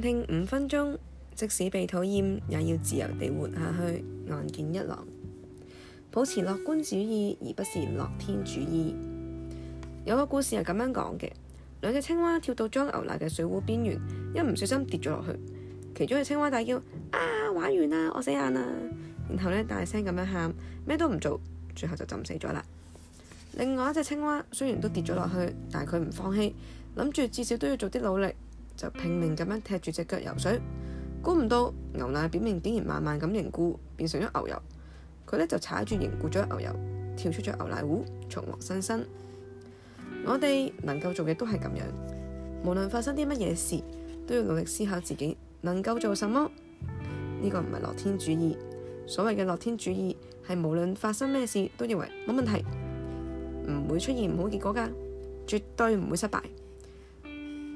聽五分鐘，即使被討厭，也要自由地活下去。岸見一郎，保持樂觀主義，而不是樂天主義。有個故事係咁樣講嘅：兩隻青蛙跳到裝牛奶嘅水壺邊緣，一唔小心跌咗落去。其中嘅青蛙大叫：啊，玩完啦，我死硬啦！然後呢，大聲咁樣喊，咩都唔做，最後就浸死咗啦。另外一隻青蛙雖然都跌咗落去，但係佢唔放棄，諗住至少都要做啲努力。就拼命咁樣踢住隻腳游水，估唔到牛奶表面竟然慢慢咁凝固，變成咗牛油。佢呢就踩住凝固咗牛油，跳出咗牛奶壺，重獲新生。我哋能夠做嘅都係咁樣，無論發生啲乜嘢事，都要努力思考自己能夠做什麼。呢個唔係樂天主義。所謂嘅樂天主義係無論發生咩事都認為冇問題，唔會出現唔好結果噶，絕對唔會失敗。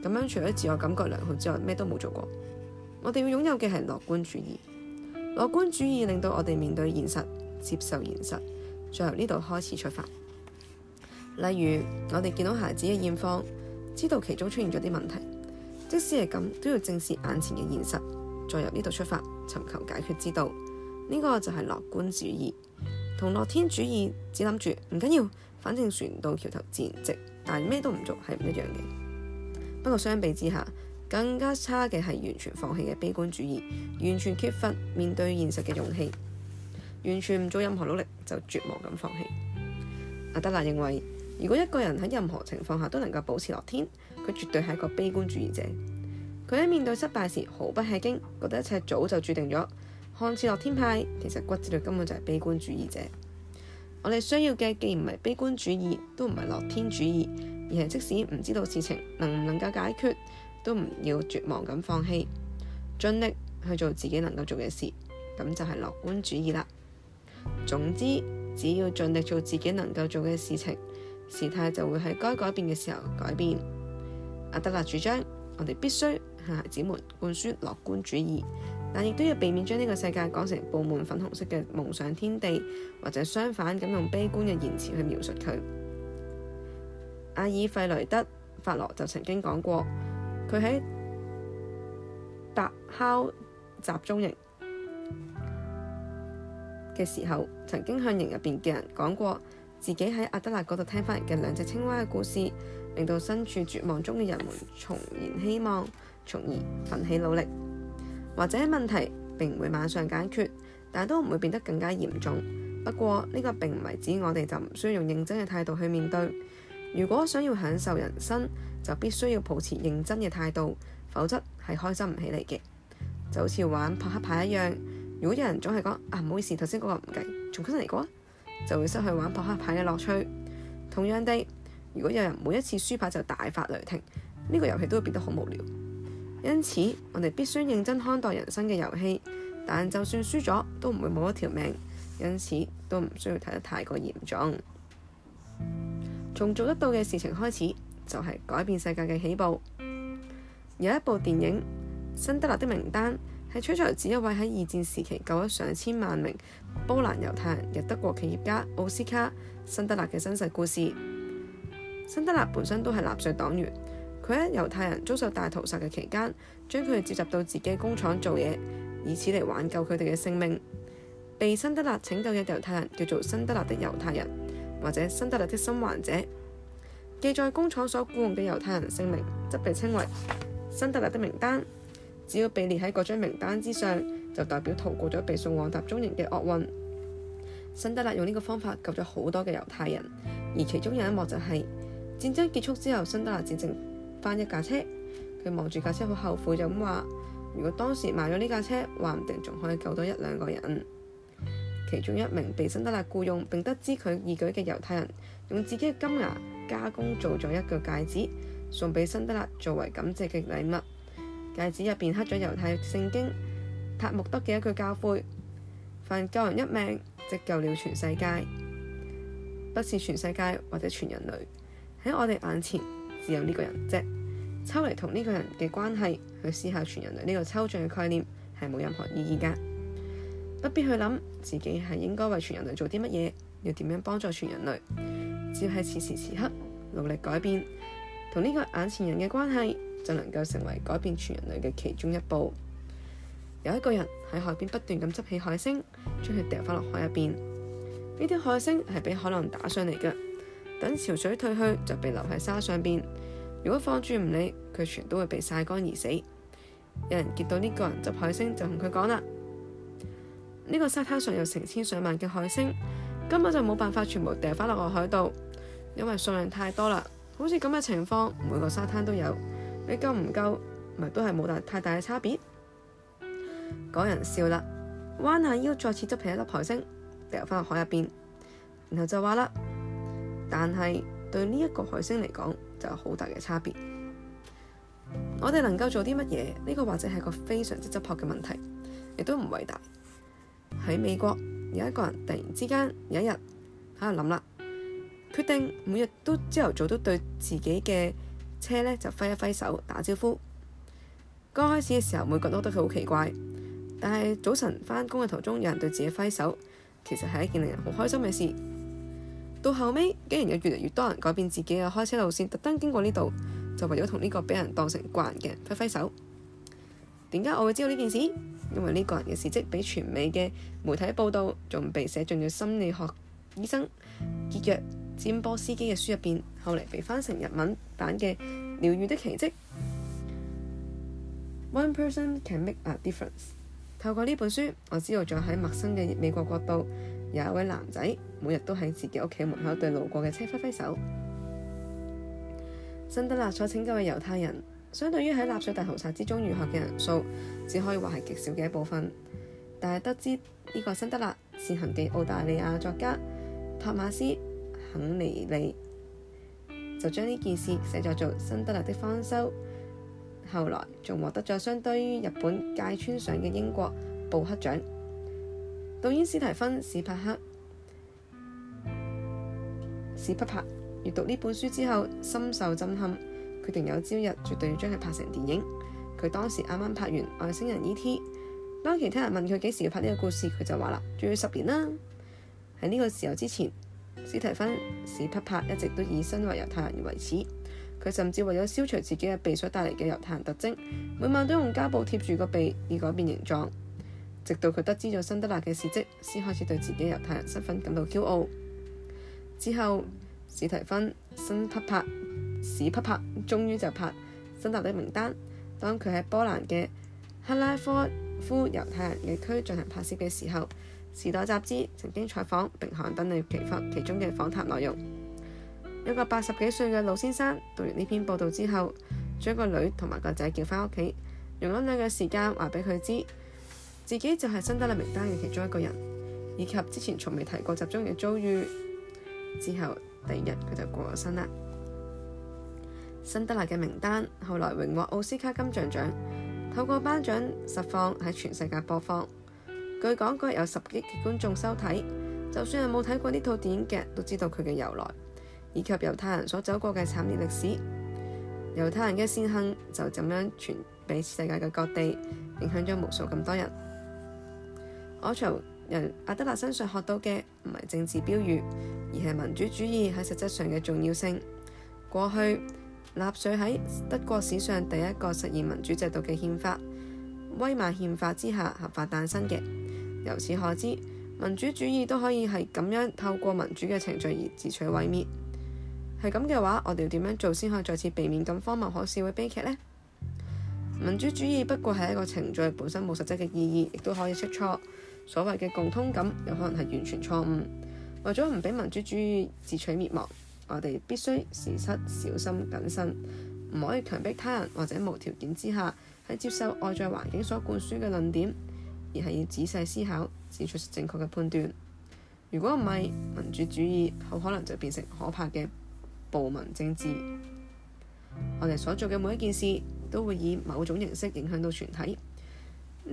咁樣除咗自我感覺良好之外，咩都冇做過。我哋要擁有嘅係樂觀主義，樂觀主義令到我哋面對現實，接受現實，再由呢度開始出發。例如，我哋見到孩子嘅現況，知道其中出現咗啲問題，即使係咁，都要正視眼前嘅現實，再由呢度出發，尋求解決之道。呢、這個就係樂觀主義，同樂天主義只諗住唔緊要，反正船到橋頭自然直，但係咩都唔做係唔一樣嘅。不過相比之下，更加差嘅係完全放棄嘅悲觀主義，完全缺乏面對現實嘅勇氣，完全唔做任何努力就絕望咁放棄。阿德勒認為，如果一個人喺任何情況下都能夠保持樂天，佢絕對係一個悲觀主義者。佢喺面對失敗時毫不吃驚，覺得一切早就注定咗，看似樂天派，其實骨子裏根本就係悲觀主義者。我哋需要嘅既唔係悲觀主義，都唔係樂天主義。而係即使唔知道事情能唔能夠解決，都唔要絕望咁放棄，盡力去做自己能夠做嘅事，咁就係樂觀主義啦。總之，只要盡力做自己能夠做嘅事情，事態就會喺該改變嘅時候改變。阿德勒主張，我哋必須向孩子們灌輸樂觀主義，但亦都要避免將呢個世界講成布滿粉紅色嘅夢想天地，或者相反咁用悲觀嘅言辭去描述佢。阿爾弗雷德法羅就曾經講過，佢喺白烤集中營嘅時候，曾經向營入邊嘅人講過，自己喺阿德勒嗰度聽翻嘅兩隻青蛙嘅故事，令到身處絕望中嘅人們重燃希望，從而奮起努力。或者問題並唔會馬上解決，但都唔會變得更加嚴重。不過呢個並唔係指我哋就唔需要用認真嘅態度去面對。如果想要享受人生，就必須要保持認真嘅態度，否則係開心唔起嚟嘅。就好似玩撲克牌一樣，如果有人總係講啊，唔好意思，頭先嗰個唔計，從新嚟過啊，就會失去玩撲克牌嘅樂趣。同樣地，如果有人每一次輸牌就大發雷霆，呢個遊戲都會變得好無聊。因此，我哋必須認真看待人生嘅遊戲，但就算輸咗，都唔會冇一條命，因此都唔需要睇得太過嚴重。從做得到嘅事情開始，就係、是、改變世界嘅起步。有一部電影《辛德勒的名單》，係取材自一位喺二戰時期救咗上千萬名波蘭猶太人嘅德國企業家奧斯卡·辛德勒嘅真實故事。辛德勒本身都係納粹黨員，佢喺猶太人遭受大屠殺嘅期間，將佢哋召集到自己工廠做嘢，以此嚟挽救佢哋嘅性命。被辛德勒拯救嘅猶太人叫做辛德勒的猶太人。或者辛德勒的生還者，記載工廠所僱用嘅猶太人姓名，則被稱為辛德勒的名單。只要被列喺嗰張名單之上，就代表逃過咗被送往集中營嘅厄運。辛德勒用呢個方法救咗好多嘅猶太人，而其中有一幕就係、是、戰爭結束之後，辛德勒只剩返一架車，佢望住架車好後悔，就咁話：如果當時賣咗呢架車，話唔定仲可以救到一兩個人。其中一名被辛德勒僱用並得知佢義舉嘅猶太人，用自己嘅金牙加工做咗一個戒指，送俾辛德勒作為感謝嘅禮物。戒指入邊刻咗猶太聖經塔木德嘅一句教誨：凡救人一命，即救了全世界。不是全世界或者全人類，喺我哋眼前，只有呢個人啫。抽離同呢個人嘅關係去思考全人類呢個抽象嘅概念，係冇任何意義噶。不必去諗自己係應該為全人類做啲乜嘢，要點樣幫助全人類？只要喺此時此刻努力改變，同呢個眼前人嘅關係就能夠成為改變全人類嘅其中一步。有一個人喺海邊不斷咁執起海星，將佢掉返落海入邊。呢啲海星係俾海浪打上嚟嘅，等潮水退去就被留喺沙上邊。如果放住唔理，佢全都會被曬乾而死。有人見到呢個人執海星就，就同佢講啦。呢個沙灘上有成千上萬嘅海星，根本就冇辦法全部掉翻落個海度，因為數量太多啦。好似咁嘅情況，每個沙灘都有，你夠唔夠，咪都係冇太大嘅差別。嗰人笑啦，彎下腰再次執起一粒海星，掉翻落海入邊，然後就話啦：但係對呢一個海星嚟講就有好大嘅差別。我哋能夠做啲乜嘢？呢、這個或者係個非常之急迫嘅問題，亦都唔偉大。喺美國有一個人突然之間有一日喺度諗啦，決定每日都朝頭早都對自己嘅車咧就揮一揮手打招呼。剛開始嘅時候，每個人都覺得佢好奇怪，但係早晨返工嘅途中有人對自己揮手，其實係一件令人好開心嘅事。到後尾竟然有越嚟越多人改變自己嘅開車路線，特登經過呢度，就為咗同呢個俾人當成慣人嘅揮揮手。點解我會知道呢件事？因為呢個人嘅事蹟俾全美嘅媒體報導，仲被寫進咗心理學醫生傑約占波斯基嘅書入邊，後嚟被翻成日文版嘅《療愈的奇蹟》。One person can make a difference。透過呢本書，我知道仲喺陌生嘅美國國度，有一位男仔每日都喺自己屋企門口對路過嘅車揮揮手。辛德勒所請嘅猶太人。相對於喺納粹大屠殺之中遇害嘅人數，只可以話係極少嘅一部分。但係得知呢個辛德勒善行嘅澳大利亞作家托馬斯肯尼利就將呢件事寫咗做《辛德勒的方舟》，後來仲獲得咗相當於日本芥川賞嘅英國布克獎。導演史提芬史柏克史柏柏，閲讀呢本書之後深受震撼。決定有朝日，絕對要將佢拍成電影。佢當時啱啱拍完外星人 E.T.，當其他人問佢幾時要拍呢個故事，佢就話啦，仲要十年啦。喺呢個時候之前，史提芬史匹柏一直都以身為猶太人為恥。佢甚至為咗消除自己嘅鼻所帶嚟嘅猶太人特徵，每晚都用膠布貼住個鼻，以改變形狀。直到佢得知咗辛德勒嘅事蹟，先開始對自己猶太人身份感到驕傲。之後，史提芬新匹柏……史匹柏，終於就拍新德里名單。當佢喺波蘭嘅克拉科夫猶太人區進行拍攝嘅時候，《時代雜誌》曾經採訪並刊登佢其中嘅訪談內容。一個八十幾歲嘅老先生讀完呢篇報道之後，將個女同埋個仔叫返屋企，用咗兩個時間話俾佢知自己就係新德里名單嘅其中一個人，以及之前從未提過集中嘅遭遇。之後第二日佢就過咗身啦。辛德勒嘅名單後來榮獲奧斯卡金像獎，透過頒獎實況喺全世界播放。據講嗰日有十億嘅觀眾收睇，就算係冇睇過呢套電影嘅，都知道佢嘅由來以及猶太人所走過嘅慘烈歷史。猶太人嘅先亨就咁樣傳俾世界嘅各地，影響咗無數咁多人。我從人阿德勒身上學到嘅唔係政治標語，而係民主主義喺實質上嘅重要性。過去。納粹喺德國史上第一個實現民主制度嘅憲法——威瑪憲法之下合法誕生嘅。由此可知，民主主義都可以係咁樣透過民主嘅程序而自取毀滅。係咁嘅話，我哋要點樣做先可以再次避免咁荒謬可笑嘅悲劇呢？民主主義不過係一個程序，本身冇實質嘅意義，亦都可以出錯。所謂嘅共通感有可能係完全錯誤。為咗唔俾民主主義自取滅亡。我哋必須時滯小心謹慎，唔可以強迫他人或者無條件之下喺接受外在環境所灌輸嘅論點，而係要仔細思考，指出正確嘅判斷。如果唔係，民主主義好可能就變成可怕嘅暴民政治。我哋所做嘅每一件事，都會以某種形式影響到全體。呢、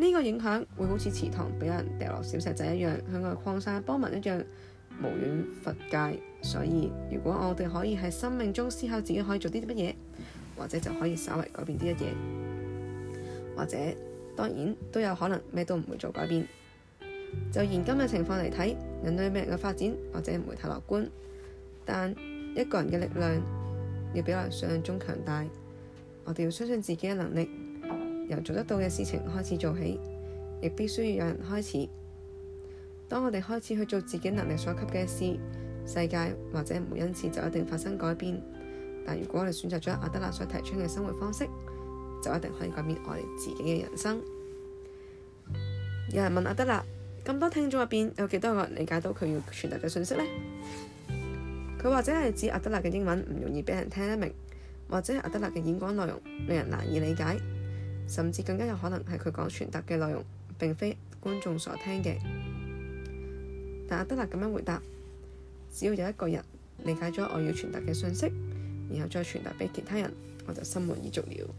呢個影響會好似池塘俾人掉落小石仔一樣，向外擴散波紋一樣。無遠弗屆。所以如果我哋可以喺生命中思考自己可以做啲乜嘢，或者就可以稍為改變啲一嘢，或者當然都有可能咩都唔會做改變。就現今嘅情況嚟睇，人類命運嘅發展或者唔會太樂觀，但一個人嘅力量要比我哋想象中強大。我哋要相信自己嘅能力，由做得到嘅事情開始做起，亦必須要有人開始。當我哋開始去做自己能力所及嘅事，世界或者唔會因此就一定發生改變。但如果我哋選擇咗阿德勒所提倡嘅生活方式，就一定可以改變我哋自己嘅人生。 有人問阿德勒「咁多聽眾入邊有幾多個人理解到佢要傳達嘅信息呢？」佢或者係指阿德勒嘅英文唔容易俾人聽得明，或者阿德勒嘅演講內容令人難以理解，甚至更加有可能係佢講傳達嘅內容並非觀眾所聽嘅。但阿德勒咁樣回答，只要有一個人理解咗我要傳達嘅信息，然後再傳達畀其他人，我就心滿意足了。